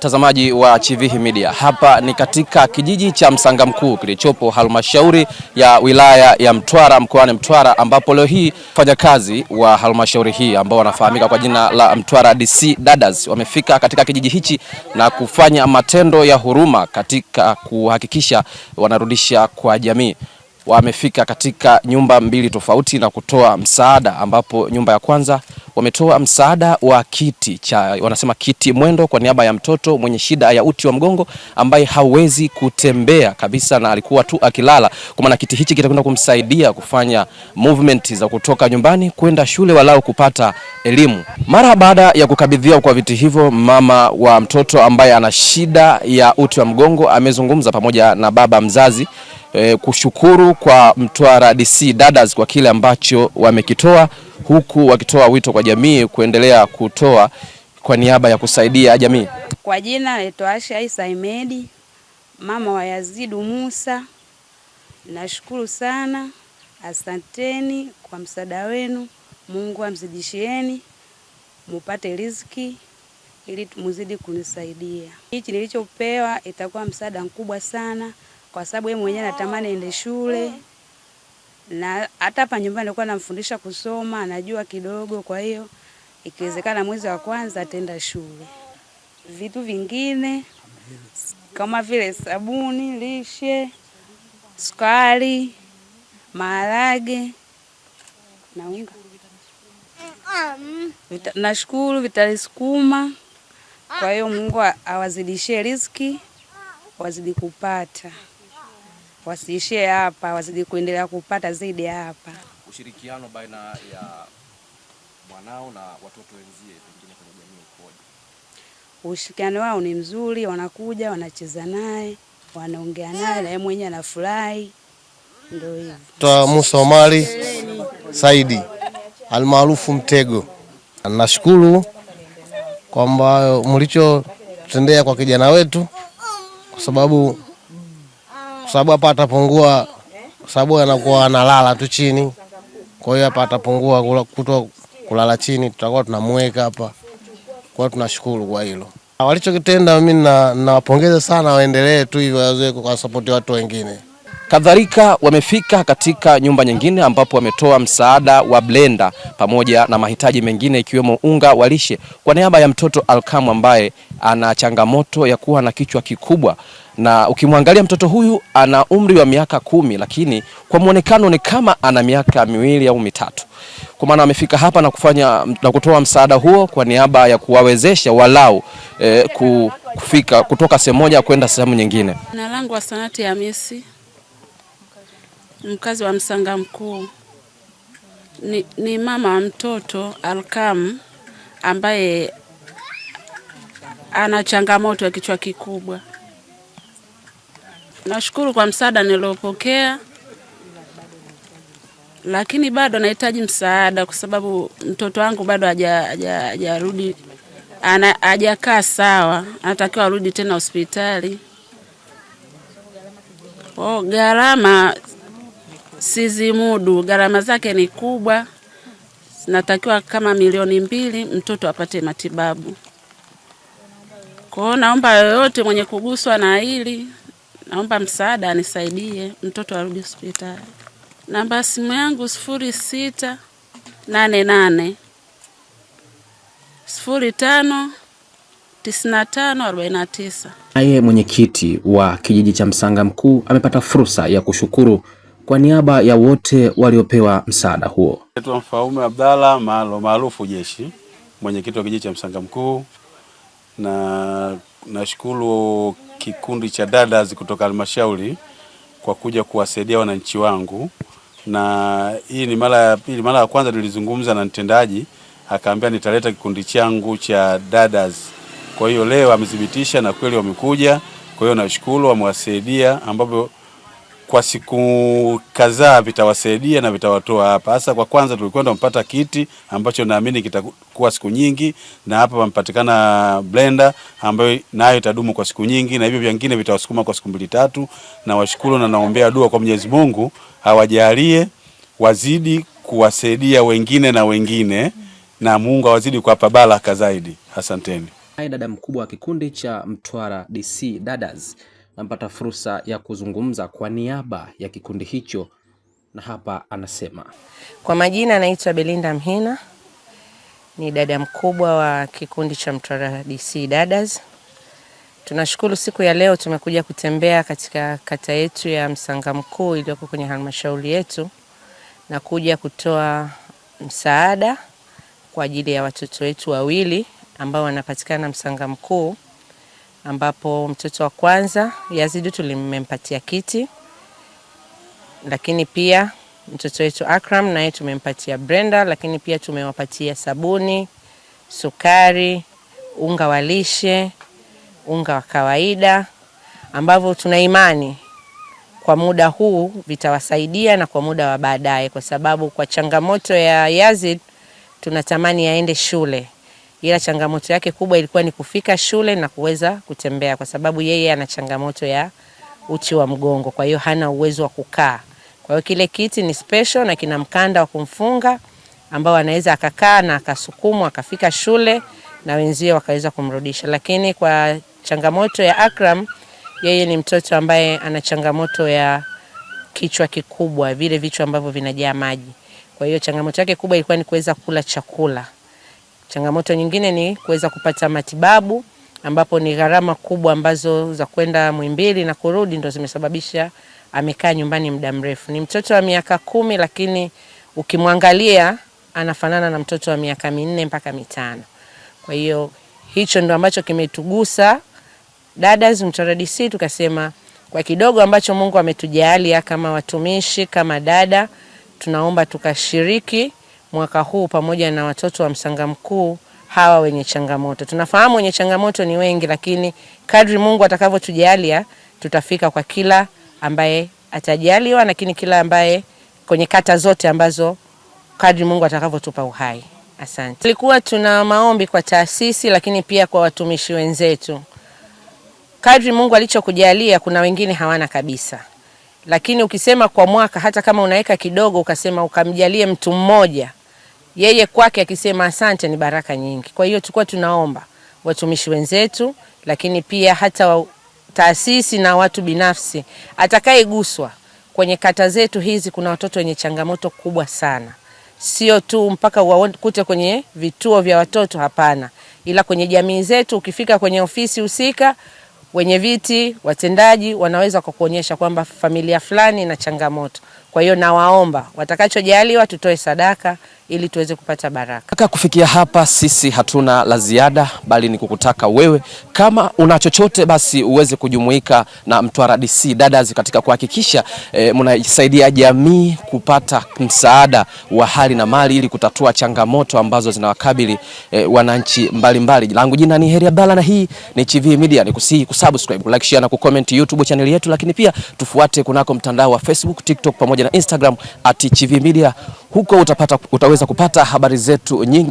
Mtazamaji wa Chivihi Media, hapa ni katika kijiji cha Msanga Mkuu kilichopo halmashauri ya wilaya ya Mtwara mkoani Mtwara, ambapo leo hii wafanyakazi wa halmashauri hii ambao wanafahamika kwa jina la Mtwara DC Dadas wamefika katika kijiji hichi na kufanya matendo ya huruma katika kuhakikisha wanarudisha kwa jamii wamefika katika nyumba mbili tofauti na kutoa msaada, ambapo nyumba ya kwanza wametoa msaada wa kiti cha wanasema kiti mwendo kwa niaba ya mtoto mwenye shida ya uti wa mgongo ambaye hawezi kutembea kabisa na alikuwa tu akilala, kwa maana kiti hichi kitakwenda kumsaidia kufanya movement za kutoka nyumbani kwenda shule walau kupata elimu. Mara baada ya kukabidhiwa kwa viti hivyo, mama wa mtoto ambaye ana shida ya uti wa mgongo amezungumza pamoja na baba mzazi e, kushukuru kwa Mtwara DC Dadas kwa kile ambacho wamekitoa, huku wakitoa wito kwa jamii kuendelea kutoa kwa niaba ya kusaidia jamii. Kwa jina naitwa Asha Isa Imedi, mama wa Yazidu Musa. Nashukuru sana, asanteni kwa msaada wenu. Mungu amzidishieni mupate riziki ili muzidi kunisaidia. Hichi nilichopewa itakuwa msaada mkubwa sana kwa sababu yeye mwenyewe anatamani aende shule, na hata hapa nyumbani alikuwa namfundisha kusoma, anajua kidogo. Kwa hiyo ikiwezekana, mwezi wa kwanza ataenda shule. Vitu vingine kama vile sabuni, lishe, sukari, maharage na unga Vita, nashukuru vitalisukuma. Kwa hiyo Mungu awazidishie riziki wazidi kupata wasiishie hapa, wazidi kuendelea kupata zaidi hapa. Ushirikiano baina ya mwanao na watoto wenzie pengine kwenye jamii ukoje? Ushirikiano wao ni mzuri, wanakuja wanacheza naye, wanaongea naye na yeye mwenyewe anafurahi. Ndio hivyo. Toa Musa Omari Saidi almaarufu Mtego, nashukuru kwamba mlichotendea kwa kijana wetu kwa sababu sababu hapa atapungua, sababu anakuwa analala tu chini. Kwa hiyo hapa atapungua kuto kulala chini, tutakuwa tunamweka hapa. Kwa hiyo tunashukuru kwa hilo walichokitenda. Mimi nawapongeza sana, waendelee tu hivyo, kwa kuwasapoti watu wengine. Kadhalika wamefika katika nyumba nyingine ambapo wametoa msaada wa blenda pamoja na mahitaji mengine ikiwemo unga wa lishe kwa niaba ya mtoto Alkamu ambaye ana changamoto ya kuwa na kichwa kikubwa na ukimwangalia mtoto huyu ana umri wa miaka kumi, lakini kwa mwonekano ni kama ana miaka miwili au mitatu, kwa maana amefika hapa na kufanya na kutoa msaada huo kwa niaba ya kuwawezesha walau eh, kufika kutoka sehemu moja kwenda sehemu nyingine. Jina langu Wasanati Hamisi, mkazi wa Msanga Mkuu. Ni, ni mama mtoto Alkam ambaye ana changamoto ya kichwa kikubwa Nashukuru kwa msaada niliopokea, lakini bado nahitaji msaada kwa sababu mtoto wangu bado hajarudi, hajakaa sawa, anatakiwa arudi tena hospitali. Oh, gharama sizimudu, gharama zake ni kubwa, zinatakiwa kama milioni mbili mtoto apate matibabu. Kwa hiyo naomba yoyote mwenye kuguswa na hili naomba msaada, anisaidie mtoto arudi hospitali. Namba simu yangu sifuri sita nane nane sifuri tano tisini na tano arobaini na tisa. Naye mwenyekiti wa kijiji cha Msanga Mkuu amepata fursa ya kushukuru kwa niaba ya wote waliopewa msaada huo. Mfaume Abdalla maarufu Jeshi, mwenyekiti wa kijiji cha Msanga Mkuu na nashukuru kikundi cha dadas kutoka halmashauri kwa kuja kuwasaidia wananchi wangu, na hii ni mara ya pili. Mara ya kwanza nilizungumza na mtendaji akaambia nitaleta kikundi changu cha dadas. Kwa hiyo leo amethibitisha na kweli wamekuja. Kwa hiyo nashukuru, wamewasaidia ambapo kwa siku kadhaa vitawasaidia na vitawatoa hapa. Hasa kwa kwanza tulikwenda mpata kiti ambacho naamini kitakuwa siku nyingi, na hapa pamepatikana blender ambayo nayo itadumu kwa siku nyingi, na hivyo vingine vitawasukuma kwa siku mbili tatu. Na washukuru na naombea dua kwa Mwenyezi Mungu awajalie wazidi kuwasaidia wengine na wengine, na Mungu awazidi kuwapa baraka zaidi. Asanteni. Dada mkubwa wa kikundi cha Mtwara DC Dadas nampata fursa ya kuzungumza kwa niaba ya kikundi hicho, na hapa anasema kwa majina, anaitwa Belinda Mhina, ni dada mkubwa wa kikundi cha Mtwara DC Dadas. Tunashukuru siku ya leo tumekuja kutembea katika kata yetu ya Msanga Mkuu iliyoko kwenye halmashauri yetu na kuja kutoa msaada kwa ajili ya watoto wetu wawili ambao wanapatikana Msanga Mkuu ambapo mtoto wa kwanza Yazidu tulimempatia kiti, lakini pia mtoto wetu Akram naye tumempatia Brenda, lakini pia tumewapatia sabuni, sukari, unga wa lishe, unga wa kawaida ambavyo tuna imani kwa muda huu vitawasaidia na kwa muda wa baadaye, kwa sababu kwa changamoto ya Yazid tunatamani aende shule ila changamoto yake kubwa ilikuwa ni kufika shule na kuweza kutembea, kwa sababu yeye ana changamoto ya uti wa mgongo, kwa hiyo hana uwezo wa kukaa. Kwa hiyo kile kiti ni special na kina mkanda wa kumfunga ambao anaweza akakaa na akasukumwa akafika shule na wenzie wakaweza kumrudisha. Lakini kwa changamoto ya Akram, yeye ni mtoto ambaye ana changamoto ya kichwa kikubwa, vile vichwa ambavyo vinajaa maji. Kwa hiyo changamoto yake kubwa ilikuwa ni kuweza kula chakula. Changamoto nyingine ni kuweza kupata matibabu ambapo ni gharama kubwa ambazo za kwenda Muhimbili na kurudi ndo zimesababisha amekaa nyumbani muda mrefu. Ni mtoto wa miaka kumi lakini ukimwangalia anafanana na mtoto wa miaka minne mpaka mitano. Kwa hiyo hicho ndo ambacho kimetugusa Dadas Mtwara DC, tukasema kwa kidogo ambacho Mungu ametujalia kama watumishi, kama dada, tunaomba tukashiriki mwaka huu pamoja na watoto wa Msanga Mkuu hawa wenye changamoto. Tunafahamu wenye changamoto ni wengi, lakini kadri Mungu atakavyotujalia tutafika kwa kila ambaye atajaliwa, lakini kila ambaye kwenye kata zote ambazo kadri Mungu atakavyotupa uhai. Asante. Tulikuwa tuna maombi kwa taasisi lakini pia kwa watumishi wenzetu. Kadri Mungu alichokujalia, kuna wengine hawana kabisa, lakini ukisema kwa mwaka, hata kama unaweka kidogo, ukasema ukamjalie mtu mmoja yeye kwake akisema asante ni baraka nyingi. Kwa hiyo tulikuwa tunaomba watumishi wenzetu, lakini pia hata taasisi na watu binafsi, atakayeguswa kwenye kata zetu hizi, kuna watoto wenye changamoto kubwa sana, sio tu mpaka uwakute kwenye vituo vya watoto, hapana, ila kwenye jamii zetu. Ukifika kwenye ofisi husika, wenye viti, watendaji wanaweza kukuonyesha kwamba familia fulani ina changamoto. Kwa hiyo nawaomba watakachojaliwa, tutoe sadaka ili tuweze kupata baraka. Kaka, kufikia hapa, sisi hatuna la ziada, bali ni kukutaka wewe kama una chochote basi uweze kujumuika na Mtwara DC Dadas katika kuhakikisha e, eh, mnasaidia jamii kupata msaada wa hali na mali ili kutatua changamoto ambazo zinawakabili e, wananchi mbalimbali. Langu jina ni Heri Abdalla na hii ni Chivihi Media. ni Nikusihi kusubscribe, like, share na kucomment YouTube channel yetu, lakini pia tufuate kunako mtandao wa Facebook, TikTok pamoja na Instagram at @Chivihi Media. Huko utapata, utaweza kupata habari zetu nyingi.